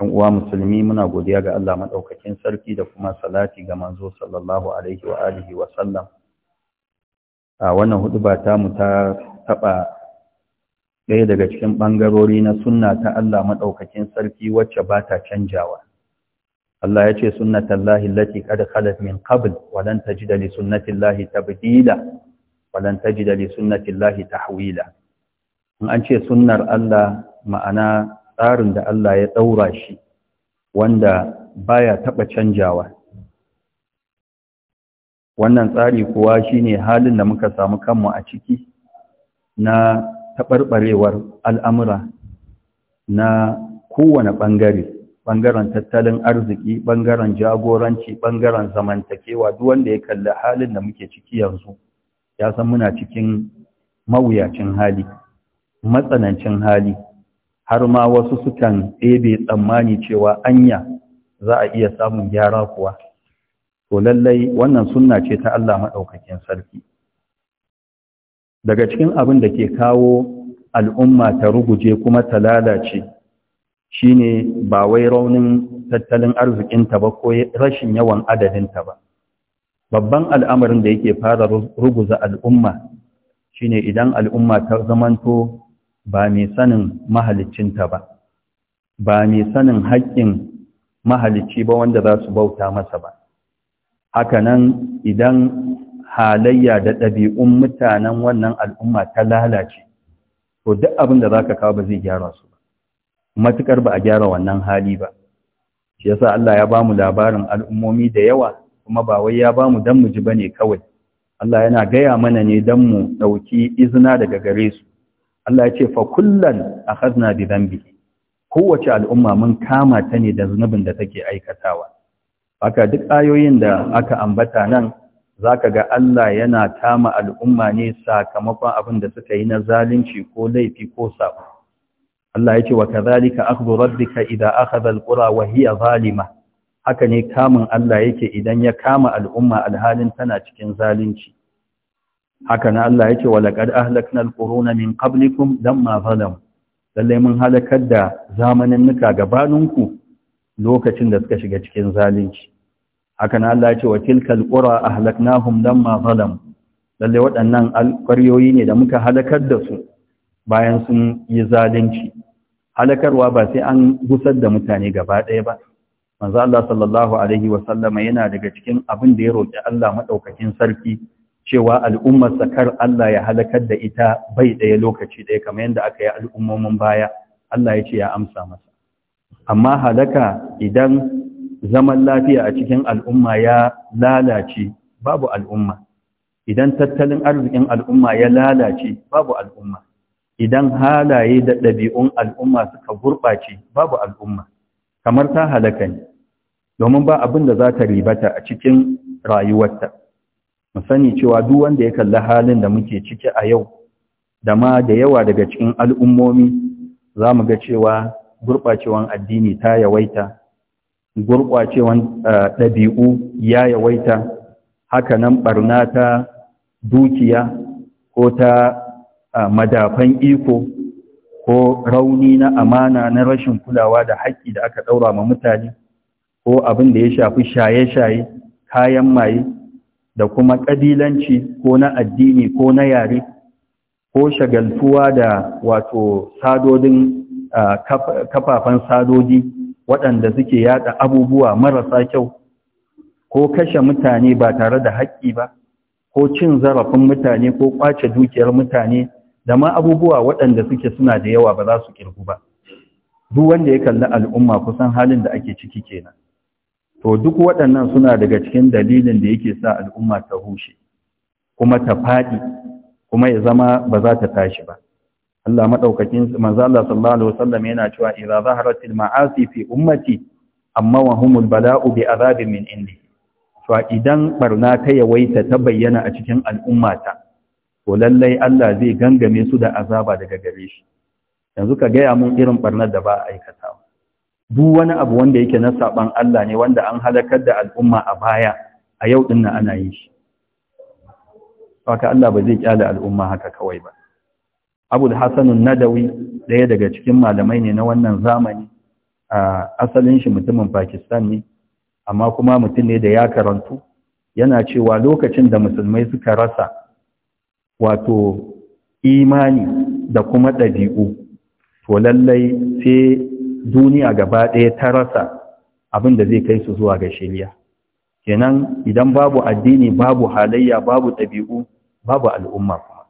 ‘yan uwa musulmi muna godiya ga Allah maɗaukakin sarki da kuma salati ga manzo sallallahu alaihi wa alihi wa sallam a wannan huduba ta mu ta taɓa ɗaya daga cikin ɓangarori na sunna ta Allah maɗaukakin sarki wacce ba ta canjawa Allah ya ce sunnatan lahi lati kada khalat min qabl walan tajida li sunnatin lahi tabdila walan tajida li sunnatin lahi tahwila in an ce sunnar Allah ma'ana tsarin da Allah ya ɗaura shi wanda baya taɓa canjawa wannan tsari kuwa shine halin da muka samu kanmu a ciki na taɓarɓarewar al'amura na kowane ɓangare ɓangaren tattalin arziki ɓangaren jagoranci ɓangaren zamantakewa duk wanda ya kalli halin da muke ciki yanzu ya san muna cikin mawuyacin hali matsanancin hali har ma wasu sukan ɗebe tsammani cewa anya za a iya samun gyara kuwa to lallai wannan sunna ce ta Allah maɗaukakin sarki daga cikin abin da ke kawo al'umma ta ruguje kuma ta lalace shine ba wai raunin tattalin arzikinta ba ko rashin yawan adadinta ba babban al'amarin da yake fara ruguza al'umma shine idan al'umma ta zamanto ba mai sanin mahalicinta ba ba mai sanin haƙƙin mahalicci ba wanda za su bauta masa ba Haka nan, idan halayya da ɗabi'un mutanen wannan al'umma ta lalace to duk abin da za ka kawo ba zai gyara su ba matuƙar ba a gyara wannan hali ba shi yasa Allah ya ba mu labarin al'ummomi da yawa kuma ba wai ya ba mu don mu ji ba ne kawai Allah yana gaya mana ne don mu ɗauki izina daga gare su Allah ya ce fa kullan akhadna bi dhanbi kowace al'umma mun kama ta ne da zunubin da take aikatawa haka duk ayoyin da aka ambata nan zaka ga Allah yana kama al'umma ne sakamakon abin da suka yi na zalunci ko laifi ko sabo Allah ya ce wa kadhalika akhdhu rabbika idha akhadha alqura wa hiya zalima haka ne kamun Allah yake idan ya kama al'umma alhalin tana cikin zalunci haka na Allah ce wa laqad ahlaknal quruna min qablikum lamma zalam Lallai mun halakar da zamanin nuka gabaninku lokacin da suka shiga cikin zalunci haka na Allah ce wa tilkal qura ahlaknahum lamma zalam Lallai waɗannan alƙaryoyi ne da muka halakar da su bayan sun yi zalunci halakarwa ba sai an gusar da mutane gaba ɗaya ba manzo Allah sallallahu alaihi wa sallama yana daga cikin abin da ya roƙi Allah madaukakin sarki cewa al'ummar sakar Allah ya halakar da ita bai ɗaya lokaci ɗaya kamar yadda aka yi al'ummomin baya Allah ya ce ya amsa masa amma halaka idan zaman lafiya a cikin al'umma ya lalace babu al'umma idan tattalin arzikin al'umma ya lalace babu al'umma idan halaye da ɗabi'un al'umma suka gurɓace babu al'umma kamar ta halaka ne domin ba abin da za ta ribata a cikin rayuwarta mu sani cewa duk wanda ya kalli halin da muke ciki a yau da ma da yawa daga cikin al'ummomi za mu ga cewa gurɓacewan addini ta yawaita gurɓacewan eh, ɗabi'u ya yawaita haka nan ɓarna ta dukiya ko ta eh, madafan iko ko rauni na amana na rashin kulawa da haƙƙi da aka ɗaura ma mutane ko abin da ya shafi shaye-shaye kayan maye da kuma ƙabilanci ko na addini ko na yare ko shagaltuwa da wato sadodin kafafen sadodi waɗanda suke yada abubuwa marasa kyau ko kashe mutane ba tare da haƙƙi ba ko cin zarafin mutane ko ƙwace dukiyar mutane da ma abubuwa waɗanda suke suna da yawa ba za su ƙirgu ba duk wanda ya kalli al'umma kusan halin da ake ciki kenan to duk waɗannan suna daga cikin dalilin da yake sa al'umma ta hushe kuma ta faɗi kuma ya zama ba za ta tashi ba Allah madaukakin manzo Allah sallallahu alaihi wasallam yana cewa idza zaharatil ma'asi fi ummati amma wa humul bala'u bi azabin min indi to idan barna ta yawaita ta bayyana a cikin al'umma ta to lallai Allah zai gangame su da azaba daga gare shi yanzu ka gaya mun irin barnar da ba a aikatawa duk wani abu wanda yake na saban Allah ne wanda an halakar da al'umma a baya a yau din nan ana yin shi haka Allah ba zai kyale al'umma haka kawai ba Abul Hasan nadawi daya daga cikin malamai ne na wannan zamani asalin shi mutumin Pakistan ne amma kuma mutum ne da ya karantu yana cewa lokacin da musulmai suka rasa wato imani da kuma ɗabi'u to lallai sai duniya gaba ɗaya ta rasa abin da zai kai su zuwa ga shari'a kenan idan babu addini babu halayya babu ɗabi'u babu al'umma kuma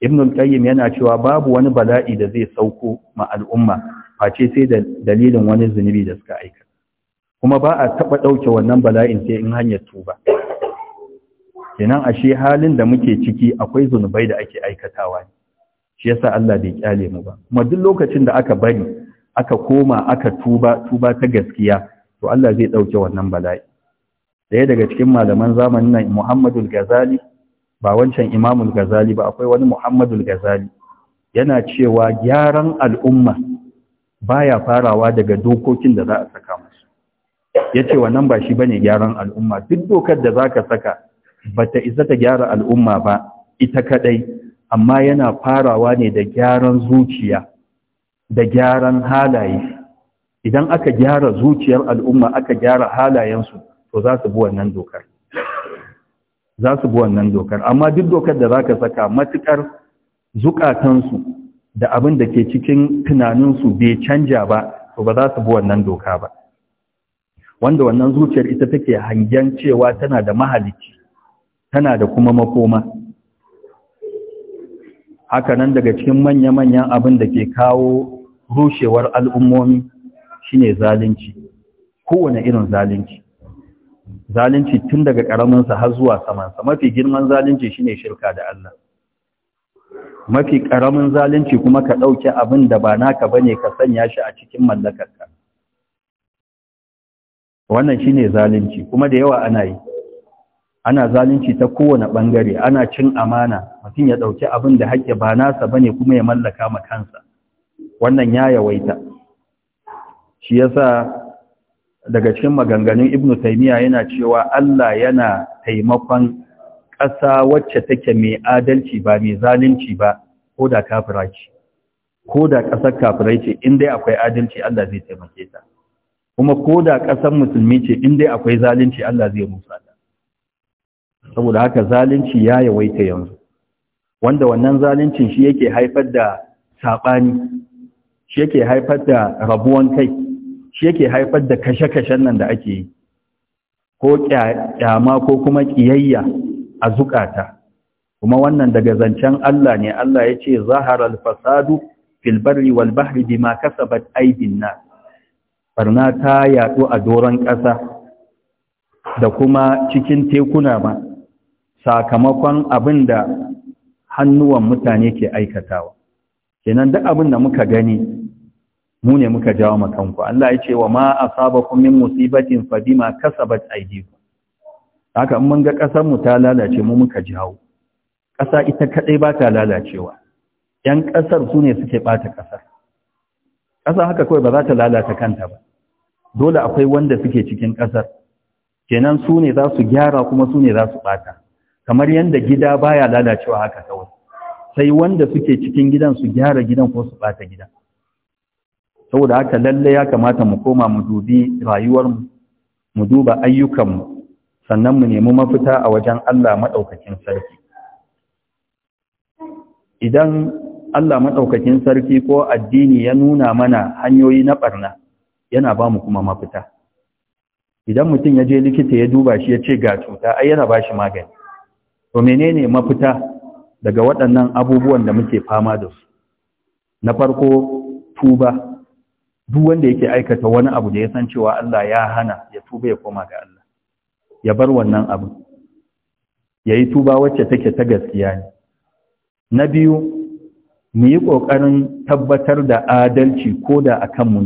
ibn al-qayyim yana cewa babu wani bala'i da zai sauko ma al'umma face sai da dalilin wani zunubi da suka aika kuma ba a taɓa ɗauke wannan bala'in sai in hanyar tuba kenan ashe halin da muke ciki akwai zunubai da ake aikatawa ne shi yasa Allah bai kyale mu ba kuma duk lokacin da aka bari aka koma aka tuba tuba ta gaskiya to Allah zai dauke wannan bala'i daya daga cikin malaman zamanin nan Muhammadul Ghazali ba wancan Imamul Ghazali ba akwai wani Muhammadul Ghazali yana cewa gyaran al'umma baya farawa daga dokokin da za a saka musu yace wannan ba shi bane gyaran al'umma duk dokar da zaka saka bata isa ta gyara al'umma ba ita kadai amma yana farawa ne da gyaran zuciya da gyaran halaye idan aka gyara zuciyar al'umma aka gyara halayensu to za su bi wannan dokar za su bi wannan dokar amma duk dokar da za ka saka matukar zukatansu da abin da ke cikin tunaninsu bai canja ba to ba za su bi wannan doka ba wanda wannan zuciyar ita take hangen cewa tana da mahalicci tana da kuma makoma haka nan daga cikin manya-manyan abin da ke kawo rushewar al'ummomi shi ne zalunci kowane irin zalunci zalunci tun daga ƙaraminsa har zuwa samansa mafi girman zalunci ne shirka da Allah mafi ƙaramin zalunci kuma ka ɗauke abin da ba naka ne ka sanya shi a cikin mallakarka wannan shi ne zalunci kuma da yawa ana yi ana zalunci ta kowane ɓangare ana cin amana mutum ya ɗauki abin da haƙƙi ba nasa bane kuma ya mallaka makansa. kansa wannan ya yawaita shi yasa daga cikin maganganun ibnu taymiya yana cewa Allah yana taimakon ƙasa wacce take mai adalci ba mai zalunci ba ko da kafira ce ko da ƙasar kafirai ce in dai akwai adalci Allah zai taimake ta kuma ko da ƙasar musulmi ce in dai akwai zalunci Allah zai musa ta saboda haka zalunci ya yawaita yanzu wanda wannan zaluncin shi yake haifar da saɓani shi yake haifar da rabuwan kai shi yake haifar da kashe-kashen nan da ake yi ko kyama ko kuma kiyayya a zukata kuma wannan daga zancen Allah ne Allah ya ce zaharar fasadu fil barri wal bahri bima kasabat aydin nas barna ta yaɗu a doron ƙasa da kuma cikin tekuna ba sakamakon abinda hannuwan mutane ke aikatawa kenan duk abin da muka gani mu ne muka jawo makanku Allah ya ce wa ma asabakum min musibatin fa bima kasabat aydikum haka in mun ga kasar mu ta lalace mu muka jawo kasa ita kadai ba ta lalacewa yan kasar su ne suke bata kasar kasa haka kawai ba za ta lalata kanta ba dole akwai wanda suke cikin kasar kenan su ne za su gyara kuma su ne za su bata kamar yanda gida baya lalacewa haka kawai sai wanda suke cikin gidan su gyara gidan ko su bata gidan saboda haka lalle ya kamata mu koma mu dubi rayuwarmu mu duba ayyukanmu sannan mu nemi mafita a wajen Allah maɗaukakin sarki idan Allah maɗaukakin sarki ko addini ya nuna mana hanyoyi na ɓarna yana ba mu kuma mafita idan mutum ya je likita ya duba shi ya ce ga cuta ai yana ba shi magani to menene mafita daga waɗannan abubuwan da muke fama da su na farko tuba duk wanda yake aikata wani abu da ya san cewa Allah ya hana ya tuba ya koma ga Allah ya bar wannan abu yayi yi tuba wacce take ta gaskiya ne na biyu mu yi ƙoƙarin tabbatar da adalci ko da akan mu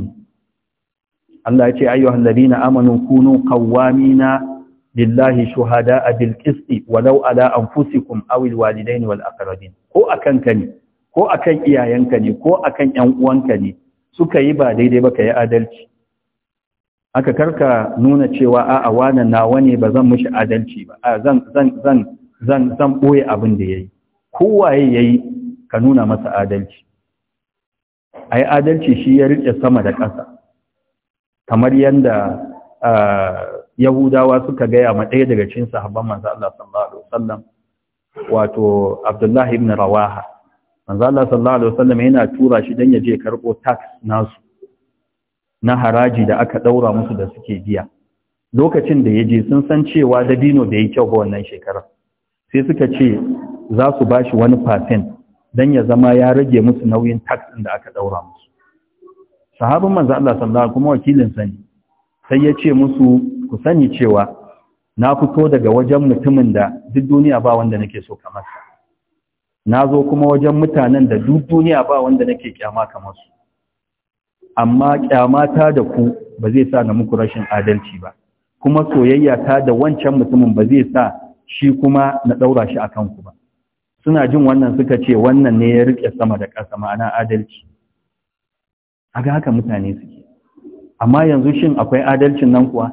Allah ya ce ayyuhal ladina amanu kunu qawwamina lillahi shuhada bil qisti walau ala anfusikum aw al wal aqrabin ko akan ka ne ko akan iyayenka ne ko akan 'yan uwanka ne suka yi ba daidai ba ka yi adalci aka karka nuna cewa a'a wannan nawa ne ba zan mishi adalci ba a zan zan zan zan zan boye abin da yayi kowaye yayi ka nuna masa adalci ai adalci shi ya rike sama da ƙasa kamar yanda yahudawa suka gaya ma ɗaya daga cikin sahabban manzo Allah sallallahu alaihi wasallam wato Abdullah ibn Rawaha manzo Allah sallallahu alaihi wasallam yana tura shi dan ya je karbo tax nasu na haraji da aka daura musu da suke biya lokacin da yaje sun san cewa dabino da yake kyau ba wannan shekara sai suka ce za su bashi wani percent dan ya zama ya rage musu nauyin tax din da aka daura musu sahabin manzo Allah sallallahu kuma wakilin sani sai ya ce musu ku sani cewa na fito daga wajen mutumin da duk duniya ba wanda nake so kamar sa na zo kuma wajen mutanen da duk duniya ba wanda nake kyama kamar su amma kyama ta da ku ba zai sa na muku rashin adalci ba kuma soyayya ta da wancan mutumin ba zai sa shi kuma na daura shi a kanku ba suna jin wannan suka ce wannan ne ya rike sama da ƙasa ma'ana adalci a ga haka mutane suke amma yanzu shin akwai adalcin nan kuwa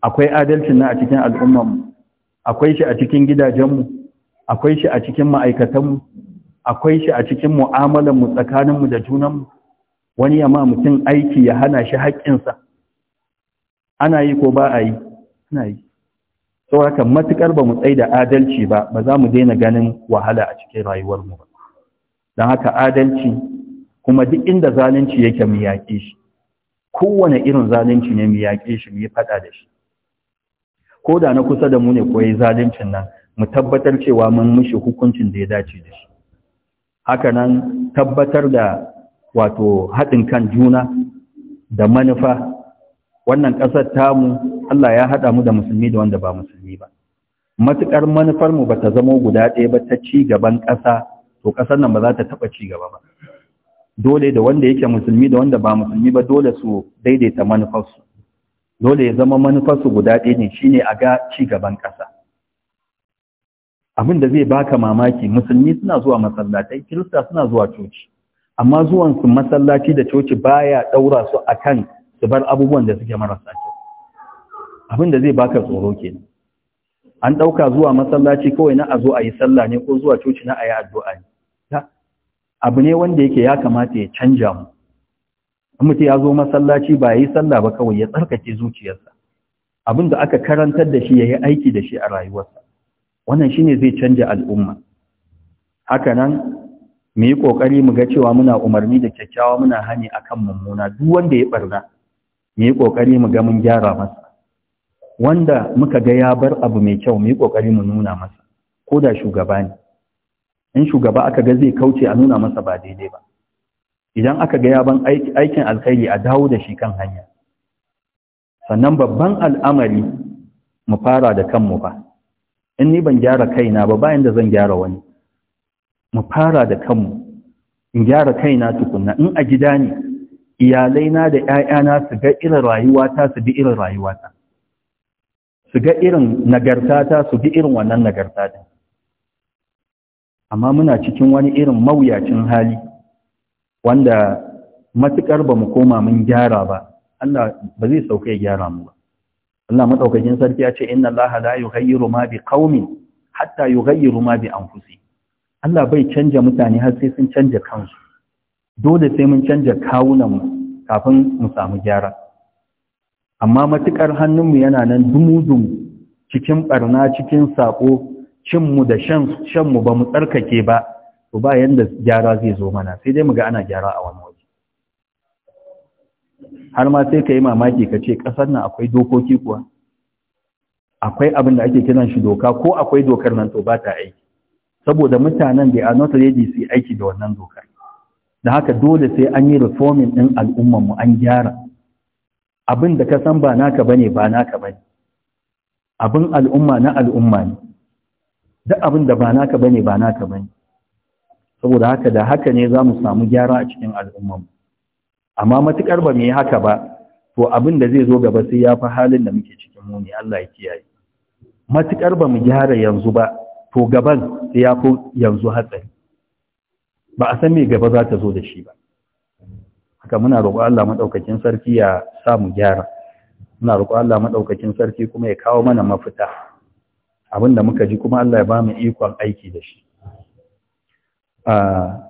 akwai adalcin nan a cikin al'ummarmu akwai shi a cikin gidajenmu akwai shi a cikin ma'aikatanmu akwai shi a cikin mu'amalanmu tsakaninmu da junanmu wani ya ma mutum aiki ya hana shi haƙƙinsa ana yi ko ba a yi ana yi sau haka matuƙar ba mu tsaye da adalci ba ba za mu daina ganin wahala a cikin rayuwarmu ba don haka adalci kuma duk inda zalunci yake mu yaƙe shi kowane irin zalunci ne mu yaƙe shi mu yi faɗa da shi ko da na kusa da mu ne yi zaluncin nan mu tabbatar cewa mun mishi hukuncin da ya dace da shi haka nan tabbatar da wato haɗin kan juna da manufa wannan ƙasar tamu Allah ya haɗa mu da musulmi da wanda ba musulmi ba matuƙar manufarmu ba ta zamo guda ɗaya ba ta ci gaban ƙasa to ƙasar nan ba za ta taɓa ci gaba ba dole da wanda yake musulmi da wanda ba musulmi ba dole su daidaita manufarsu dole ya zama manufarsu guda ɗaya ne shine a ga ci gaban ƙasa abin da zai baka mamaki musulmi suna zuwa masallatai kirista suna zuwa coci amma zuwan su masallaci da coci baya daura su akan su bar abubuwan da suke marasa kyau abin da zai baka tsoro kenan an dauka zuwa masallaci kawai na a zo a yi sallah ne ko zuwa coci na a yi addu'a ne abu ne wanda yake ya kamata ya canja mu mutum ya zo masallaci ba ya yi sallah ba kawai ya tsarkake zuciyarsa abin da aka karantar da shi ya yi aiki da shi a rayuwarsa wannan shine zai canja al'umma haka nan mu yi kokari mu ga cewa muna umarni da kyakkyawa muna hani akan mummuna duk wanda ya barna mu yi kokari mu ga mun gyara masa wanda muka ga ya bar abu mai kyau mu yi kokari mu nuna masa ko da shugaba ne in shugaba aka ga zai kauce a nuna masa ba daidai ba idan aka ga ya ban aikin alkhairi a dawo da shi kan hanya sannan babban al'amari mu fara da kanmu ba in ni ban gyara kaina ba bayan da zan gyara wani mu fara da kanmu in gyara kaina tukunna in a gida ne Iyalai na da 'ya'yana su ga irin rayuwata su bi irin rayuwata su ga irin nagartata su bi irin wannan nagarta din amma muna cikin wani irin mawuyacin hali wanda matukar ba mu koma mun gyara ba Allah ba zai sauka ya gyara mu ba Allah madaukakin sarki ya ce inna Allah la yughayyiru ma bi qaumin hatta yughayyiru ma bi anfusi Allah bai canja mutane har sai sun canja kansu dole sai mun canja kawunan mu kafin mu samu gyara amma matukar hannunmu yana nan dumudum cikin barna cikin sako cin mu da shan shan mu ba mu tsarkake ba to ba yanda gyara zai zo mana sai dai mu ga ana gyara a wani har ma sai ka yi mamaki ka ce ƙasar nan akwai dokoki kuwa akwai abin da ake kiran shi doka ko akwai dokar nan to ba ta aiki saboda mutanen da a not ready su aiki da wannan dokar da haka dole sai an yi reforming ɗin mu an gyara abin da ka san ba naka bane ba naka bane abin al'umma na al'umma ne duk abin da ba naka bane ba naka bane saboda haka da haka ne za mu samu gyara a cikin al'umman mu. amma matukar ba mu yi haka ba to abin da zai zo gaba sai ya fi halin da muke cikin muni Allah ya kiyaye matukar ba mu gyara yanzu ba to gaban sai ya fi yanzu hatsari ba a san me gaba za ta zo da shi ba haka muna roƙo Allah madaukakin sarki ya sa mu gyara muna roƙo Allah madaukakin sarki kuma ya kawo mana mafita abin da muka ji kuma Allah ya ba mu ikon aiki da shi ah,